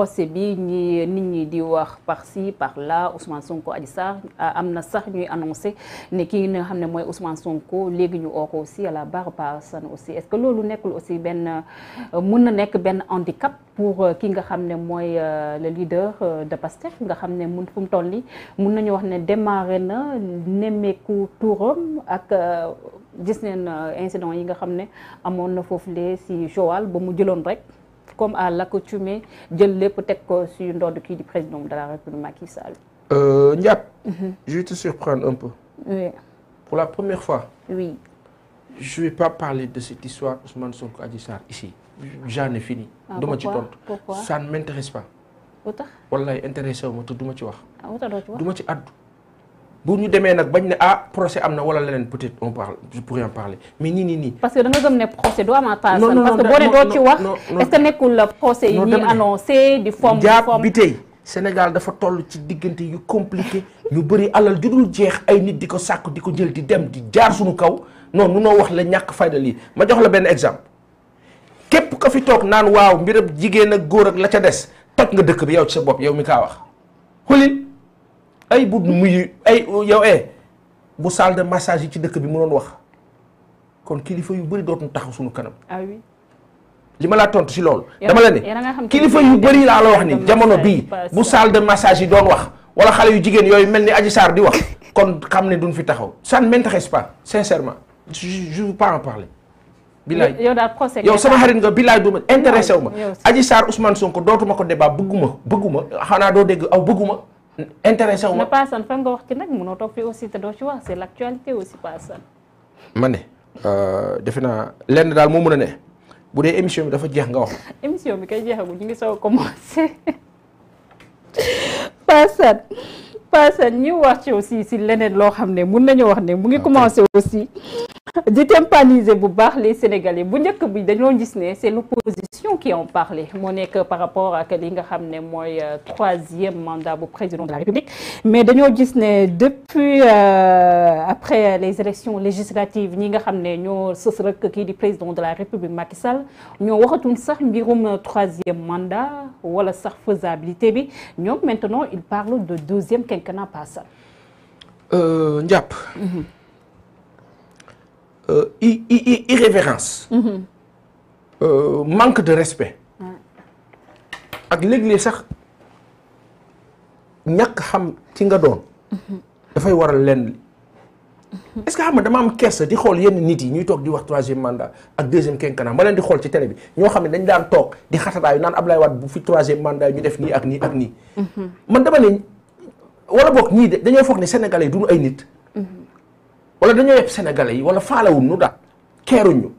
procès bi ñi nit ñi di wax par ci par là Ousmane Sonko aj Sarr am na sax ñuy annoncé ne kii nga xam ne mooy Ousmane Sonko léegi ñu oo ko aussi à la barre par aussi est-ce que loolu nekkul aussi benn euh, mun na nekk benn handicap pour euh, ki nga xam ne mooy euh, le leader de Pastef nga xam ne mun fu mu toll nii mun nañu wax ne démarré na nemmeeku tuuram ak gis neen incident yi nga xam ne amoon na foofu lee ci Joal ba mu jëloon rek comme à l'accoutumée jël lépp teg ko suñu ndodd kii di président de la République Macky Sall. Euh, Ndiap. Mhm. je vais te surprendre un peu. oui. pour la première fois. oui. je vais pas parler de cette histoire Ousmane Sonko Adji Sarr ici. j'en ai fini. Ah, duma ci tontu pourquoi ça ne m'intéresse pas. lu tax. wallaay intéressé wu ma te du ma ci wax. ah lu tax doo ci wax du ma ci addu. bu ñu demee nag bañ ne ah procès am na wala leneen peut-être on parle je pourrais en parler mais nii nii nii. parce que da nga gëm ne procès du amaat. parce que boo ne doo ci wax. est-ce bi tey Sénégal dafa toll ci diggante yu compliqué ñu bëri alal judul jeex ay nit di ko sàkk di ko jël di dem di jaar suñu kaw non nu noo wax la ñàkk fayda lii ma jox la benn exemple képp ko fi toog naan waaw mbirab jigéen ak góor ak la ca des toj nga dëkk bi yow ci sa bopp yow mi kaa wax ay bu muy ay yow eh bu salle massage yi ci dëkk bi mu doon wax kon kilifa yu bëri dootuñu taxaw suñu kanam. ah li ma laa tontu si loolu. dama la ne kilifa yu bëri laa la wax ni jamono bii bu salle massage yi doon wax wala xale yu jigéen yooyu mel ni Adji Sarr di wax kon xam ne duñ fi taxaw ça ne m'intéresse pas sincèrement je je veux pas en parler. bilaay yow daal procès yow sama xarit nga bilaay du ma intéressé wu ma. Adji Sarr Ousmane Sonko dootuma ko débat bëgguma bëgguma xanaa doo dégg aw bëgguma. intéressé wu ma. mais Paasan fan nga wax ci nag mënoo toog fii aussi te doo ci wax c'est l'actualité aussi Paasan. ma ne euh, defe naa lenn daal moo mun a ne bu dee émission bi dafa jeex nga wax. émission bi kay jeexagul ñu ngi soog a commencé Paasan Paasan wax ci aussi si leneen loo xam ne mun nañu wax ne mu ngi commencé aussi. di tympaniser bu baax les sénégalais bu njëkk bi dañoo gis ne c' est l' opposition qui en parlait moo nekk par rapport ak li nga xam ne mooy euh, troisième mandat bu président de la république mais dañoo gis ne depuis euh, après les élections législatives ñi nga xam ne ñoo sës rek kii di président de la république Macky Sall ñoo waxatuñ sax mbirum troisième mandat wala sax faisabilité bi ñoom maintenant ils parlent de deuxième quinquennat na njàpp. Euh, mm-hmm. Euh, irrévérence mm-hmm. euh, manque de respect ak léeg-léeg sax ñàkk xam ci nga doon mm-hmm. dafay waral lenn mm-hmm. est-ce que xam nga dama am kersa di xool yenn nit yi ñuy toog di wax troisième mandat ak deuxième quinquennat ma leen di xool ci télé bi ñoo xam ne dañ daan toog di xatataayu naan Ablaye Wade bu fi troisième mandat ñu def nii ak nii ak nii man dama ne wala boog ñii de dañoo foog ne sénégalais duñu ay nit wala dañoo yeb sénégalais yi wala faalawul nu daal keeruñu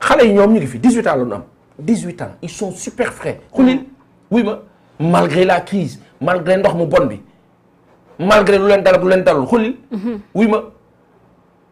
xale yi ñoom ñu ngi fi 18 ans la ñu am 18 ans ils sont super frais xulil wuy ma malgré la crise malgré ndox mu bon bi malgré lu leen dal lu leen dalul xulil mhm. wuy ma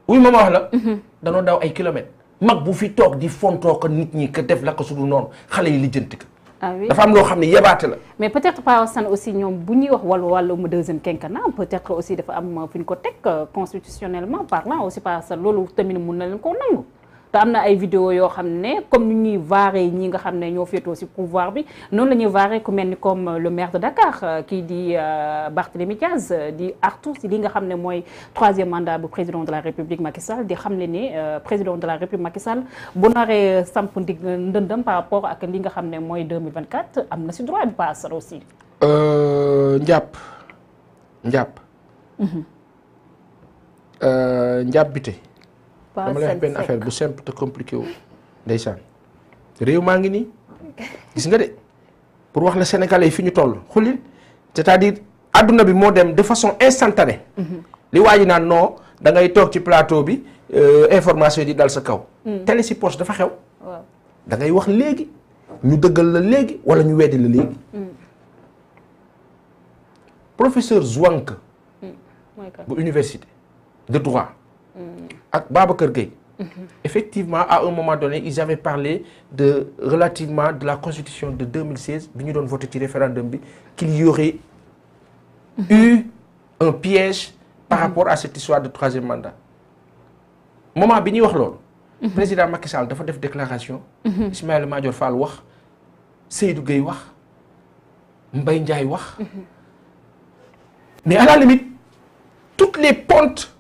wuy ma ma wax la mhm. danoo daw ay kilomètres mag bu fi toog di fontoo ko nit ñi ko def la ko su dul noonu xale yi lijjanti ko ah oui dafa am loo xam ne yebaate la. mais peut-être Pa Assane aussi ñoom bu ñuy wax wàllu wàllu mu deuxième quinquennat peut-être aussi dafa am fu ñu ko par euh, constitutionnellement parlant aussi Pa Assane loolu tamit mun na leen koo nangu. te am na ay vidéo yoo xam ne comme ni ñuy vaaree ñi nga xam ne ñoo féetoo ci pouvoir bi noonu la ñuy vaaree ku mel ni comme euh, le maire de Dakar euh, kii di euh, Barthélémy Diaz di artu ci li nga xam ne mooy troisième mandat bu président de la République Macky Sall di xam ne ne président de la République Macky Sall bu naree samp ndig ndëndam par rapport ak li nga xam ne mooy 2024 am na ci droit bi paas aussi. njàpp njàpp. Mhm. njàpp bite. dama lay wax benn affaire bu simple te compliqué wu ndeysaan réew maa ngi nii gis nga de pour wax la sénégalais fi ñu toll xulil c'est-à-dire bi moo dem de façon instantanée mm-hmm. li waa ji naan noo dangay toog ci plateau bi euh, information di dal sa kaw mm. tele si poche dafa xew da ngay wax léegi ñu dëggal la léegi wala ñu weddi la léegi mm. professeur Zouank mm. bu université de droit ak Babacar Gueye effectivement à un moment donné ils avaient parlé de relativement de la constitution de 2016 bi ñu doon voté ci référendum bi qu'il y aurait eu un piège par rapport à cette histoire de troisième mandat moment bi ñuy wax loolu président Macky dafa def déclaration Ismaïla Madior Fall wax Seydou Gueye wax Mbaye Ndiaye wax mhm. mais à la toutes les pontes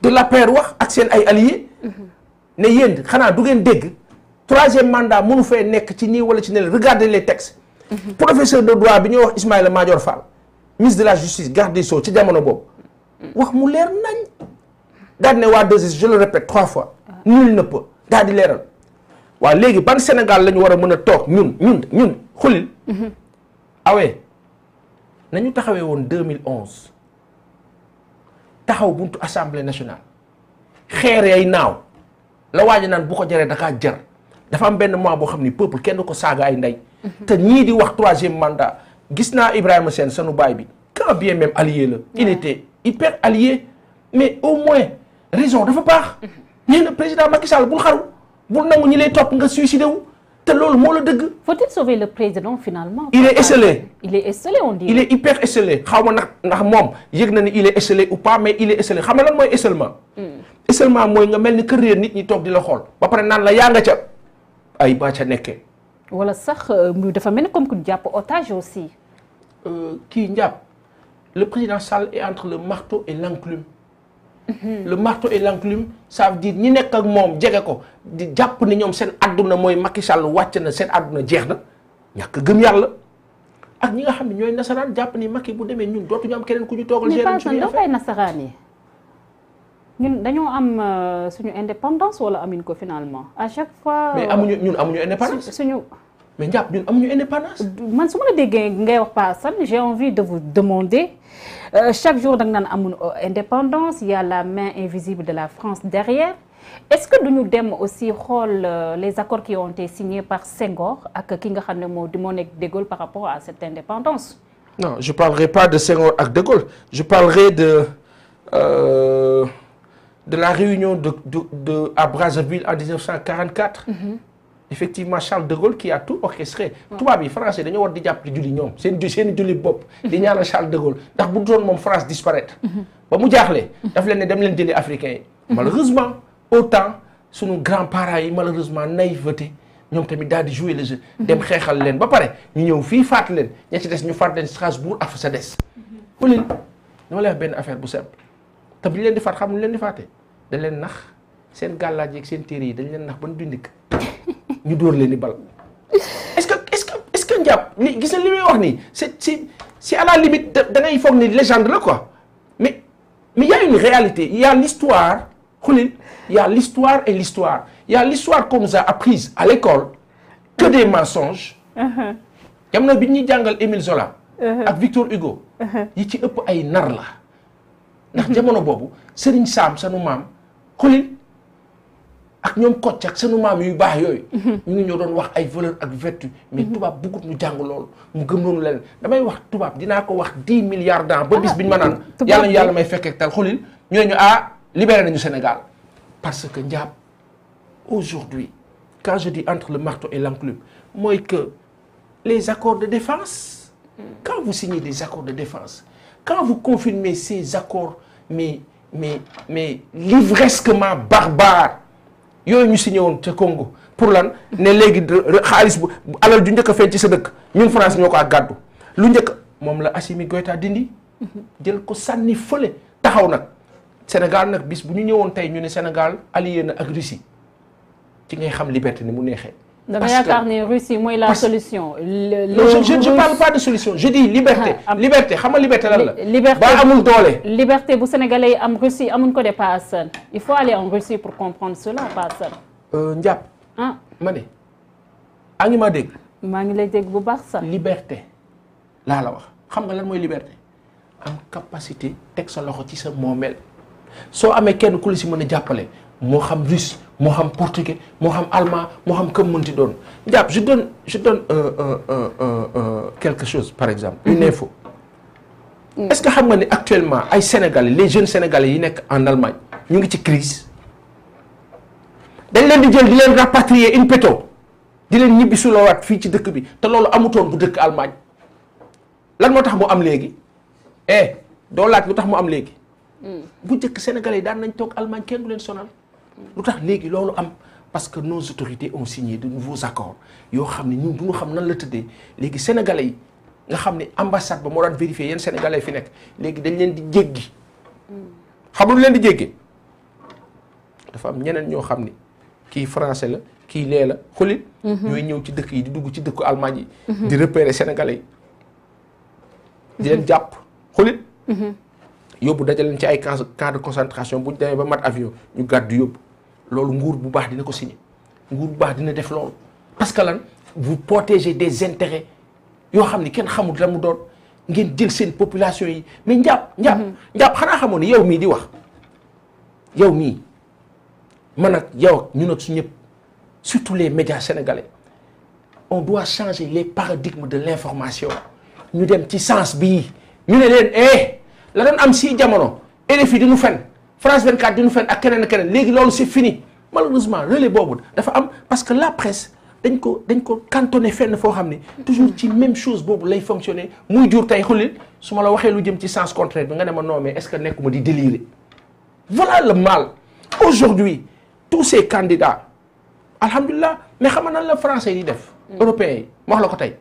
de l'APR wax ak seen ay alliés mhm. ne yéen xanaa du ngeen dégg troisième mandat mënu fee nekk ci nii wala ci ne regardez les textes mhm. professeur de droit bi ñuy wax Ismaïla Madior Fall ministre de la justice garde des sceaux ci jamono boobu mhm. wax mu leer nañ daal di ne waa 2S je le répète trois fois ah. nul ne peut daal di leeral waa léegi ban Sénégal la ñu war a mën a toog ñun ñun ñun xulil awee ah nañu taxawee woon 2011 taxaw buntu assemblée nationale xeer ay naaw la waaj naan bu ko jaree dakaa jar dafa am benn mois boo xam ni peuple kenn ko saaga ay ndey. Mhm. te ñii di wax troisième mandat gis naa Ibrahima Sène sanu baay bi a bien même allier la. il était hyper allié mais au moins raison dafa baax. Mhm. nee na président Macky Sall bul xaru bul nangu ñi lay topp nga suicidé wu. te loolu moo la dëgg. faut-il sauver le président finalement. il est esselé il est esselé on dit. il est hyper esselé xaw ma ndax ndax moom na ni il est esselé ou pas mais il est esselé xam nga lan mooy esselement. Hmm. esselement mooy nga mel ni kër réer nit ñi toog di la xool. ba pare naan la yaa nga ca ay ba ca nekkee. wala sax euh, mu dafa mel ni comme que jàpp otage aussi. Euh, kii njàpp le président Sall est entre le marteau et l'enclume. le marto et l'enclume ça veut dire ñi nekk ak moom jege ko di jàpp ni ñoom seen adduna mooy Macky Sall wàcc na seen adduna jeex na ñàkk gëm yàlla ak ñi nga xam ne ñooy nasaraan jàpp ni Macky bu demee ñun dootuñu am keneen ku ñu toogal. gérer ñu suñu affaire nasaraan yi ñun dañoo am euh, suñu indépendance wala amuñ ko finalement à chaque fois. mais euh, ñu ñun amuñu indépendance suñu. mais njàpp ñun amuñu indépendance. su ma la déggee ngay wax Pa Assane j'ai envie de vous demander euh, chaque jour da nga naan amuñu indépendance il y a la main invisible de la France derrière est-ce que duñu dem aussi xool euh, les accords qui ont été signés par Senghor ak ki nga xam ne moo di moo nekk De Gaulle par rapport à cette indépendance. non je parlerai pas de Senghor ak De Gaulle je parlerai de euh, la réunion de de de à Brazzaville en 1944. effectivement Charles de Gaulle qui a tout orchestré. tubaab yi français dañoo war di jàpp di julli ñoom seen seen julli bopp. di ñaanal Charles de Gaulle ndax bu doon moom France disparaître. Mhm. ba mu jaaxle. daf leen ne dem leen jëlee africain yi. Mhm. malheureusement autant sunu grands-parents yi malheureusement naïveté ñoom tamit daal di jouer le jeu. Mhm. dem xeexal leen ba pare ñu ñëw fii faat leen ña ci des ñu faat leen Strasbourg af sa des. Pauline dama lay benn affaire bu simple te bu leen di faat leen di faatee dañ leen nax seen gàllaaj yeeg seen téere yi dañ leen nax ba nu ñu dóor leen ni bal est-ce que est-ce que est-ce que njàpp ni gis na li muy wax nii c'est c'est à la limite da ngay foog ni légende la quoi mais mais une réalité y a l'histoire xulil y a l'histoire et l'histoire y a l'histoire qu'on nous a apprise à l'école que des mensonges uh-huh. bi ñuy jàngal Émile Zola uh-huh. ak Victor Hugo uh-huh. yi ci ëpp ay nar la ndax jamono boobu Serigne Sam sanu maam xulil ak ñoom kocc ak sunu maam yu baax yooyu. ñu ngi ñoo doon wax ay valeur ak vertu. mais mhm. tubaab bëggut ñu jàng loolu mu gëm loolu leneen damay wax tubaab dinaa ko wax dix milliards d'ans ba bis ah, biñ ma naan. yàlla ñu yàlla may fekkeek tal xolil ñu ne ñu ah libéré nañu Sénégal. parce que Ndiab aujourd'hui quand je dis entre le marteau et l'enclume mooy que les accords de défense. Mm. quand vous signez des accords de défense quand vous confirmez ces accords mais mais mais livresquement barbare. yooyu ñu si ñëwoon ca Congo pour lan ne léegi xaalis bu alal ju njëkk a ci sa dëkk ñun France ñoo ko ak gàddu lu njëkk moom la Assimi Goïta dindi jël ko sànni fële taxaw nag Sénégal nag bis bu ñu ñëwoon tey ñu ne Sénégal allié na ak Russie ci ngay xam liberté ni mu neexee da nga yaakaar ne Russie mooy la solution. je ne parle pas de solution je dis liberté. Ah, ah. liberté xam nga liberté lan la. liberté ba amul doole. liberté bu sénégalais yi am Russie amuñ ko de Pa Assane il faut aller en Russie pour comprendre cela Pa Assane. Euh, Ndiap. ah ma ne. a ngi maa dégg. maa ngi lay dégg bu baax sax. liberté laa la wax xam nga lan mooy liberté am capacité teg sa loxo ci sa moomeel soo amee kenn ku la si mën a jàppale. moo xam russe moo xam portugais moo xam allemand moo xam këm mënti doon jàpp je donne je donne euh, euh, euh, quelque chose par exemple une mm-hmm. info mm. est-ce xam nga ni actuellement ay sénégalais les jeunes sénégalais yi nekk en Allemagne ñu ngi ci crise dañ leen di jël di leen rapatrier in petto di leen ñibbi sulawaat fii ci dëkk bi te loolu amutoon bu dëkk Allemagne lan moo tax mu am léegi eh doo laaj lu tax mu am léegi mm. bu njëkk sénégalais yi daan nañ toog Allemagne kenn du leen sonal lu tax léegi loolu am parce que nos autorités ont signé de nouveaux accords yoo xam ne ñu du ñu xam nan la tëddee léegi sénégalais yi nga xam ne ambassade ba moo daan vérifier yenn sénégalais fi nekk léegi dañ leen di jéggi hmm. xam lu leen di jéggee am ñeneen ñoo xam ne kii français la kii lee la xolit hmm. ñëw ci dëkk yi di dugg ci dëkku Allemagne yi hmm. di repérer sénégalais yi di leen jàpp xolit yóbbu dajaleen ci ay camp de concentration bu ñu demee ba mat avion ñu gàddu yóbbu loolu nguur bu baax dina ko signé nguur bu baax dina def loolu parce que lan vous protégez des intérêts yoo xam ni kenn xamul la mu doon ngeen jël seen population yi mais njàpp njàpp njàpp xanaa xamoon yow mii di wax yow mii man ak yow ak ñun ak su ñëpp surtout les médias sénégalais on doit changer les paradigmes de l'information ñu dem ci sens bi ñu ne leen eh la doon am si jamono RFI di ñu fen France 24 duñu fen a keneen ak keneen léegi loolu c'est fini malheureusement relais boobu dafa am parce que la presse dañ ko dañ ko cantonné fenn foo xam ne toujours ci même chose boobu lay fonctionner muy jur tey xulil su ma la waxee lu jëm ci sens contraire bi nga ne ma non mais est-ce que nekkuma di délirer voilà le mal aujourd'hui tous ces candidats alhamdulilah mais xam nan la français yi def. Mm. européens yi ma wax la ko tey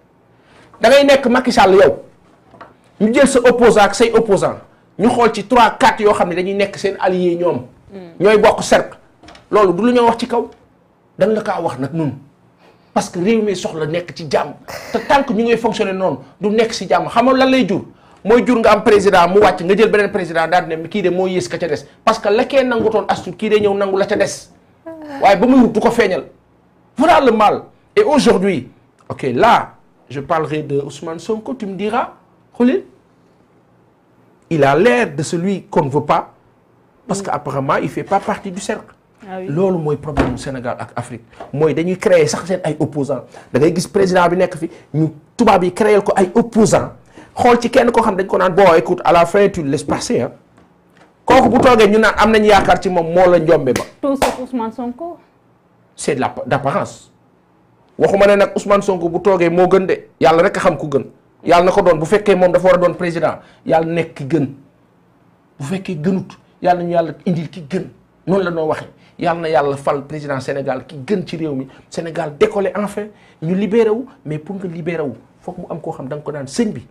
da ngay nekk Macky Sall yow ñu jël sa opposant ak say ñu xool ci 3 4 yoo xam ne dañuy nekk seen allié ñoom. ñooy bokk cercle. loolu du lu ñoo wax ci kaw dañ la kaa wax nag nun parce que réew mi soxla nekk ci jàmm te tant que ñu ngay fonctionner noonu du nekk si jàmm xam lan lay jur. mooy jur nga am président mu wàcc nga jël beneen président daal di ne kii de moo yées ka ca des parce que la kee nangutoon astu kii de ñëw nangu la ca des waaye ba muy wut du ko feeñal voilà le mal et aujourd'hui o là je parlerai de Ousmane Sonko tu me diras Khoulil il a l'air de celui qu'on ne veut pas parce que apparemment il fait pas partie du cercle ah loolu mooy problème mu Sénégal ak Afrique mooy dañuy créer sax seen ay opposants da ngay gis président bi nekk fi ñu tubaab yi créer ko ay opposants xool ci kenn koo xam dañ ko naan bon écoute à la fin tu laisses kooku bu toogee ñu naan am nañu yaakaar ci moom moo la njombe ba tout sauf Ousmane Sonko c'est de l'apparence waxuma ne nag Ousmane Sonko bu toogee moo gën de yàlla rek a xam ku gën yàlla na ko doon bu fekkee moom dafa war a doon président yàlla nekk ki gën bu fekkee gënut yàlla nañu yàlla indil ki gën noonu la noo waxee yàlla na yàlla fal président Sénégal ki gën ci réew mi Sénégal décollé enfin ñu libéré wu mais pour nga libéré wu foog mu am koo xam da nga ko daan sëñ bi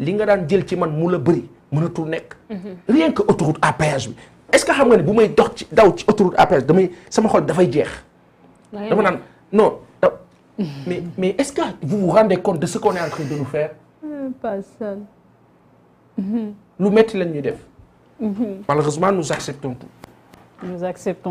li nga daan jël ci man mu la bëri mënatul nekk. Mhm. rien que autoroute à péage bi est-ce que xam nga ne bu may dox ci daw ci autoroute à péage damay sama xol dafay jeex. dama naan non. mais mais est-ce que vous vous rendez compte de ce qu'on est en même pas seul. lu metti lañ ñuy def. Mhm. malheureusement nous acceptons tout. nous acceptons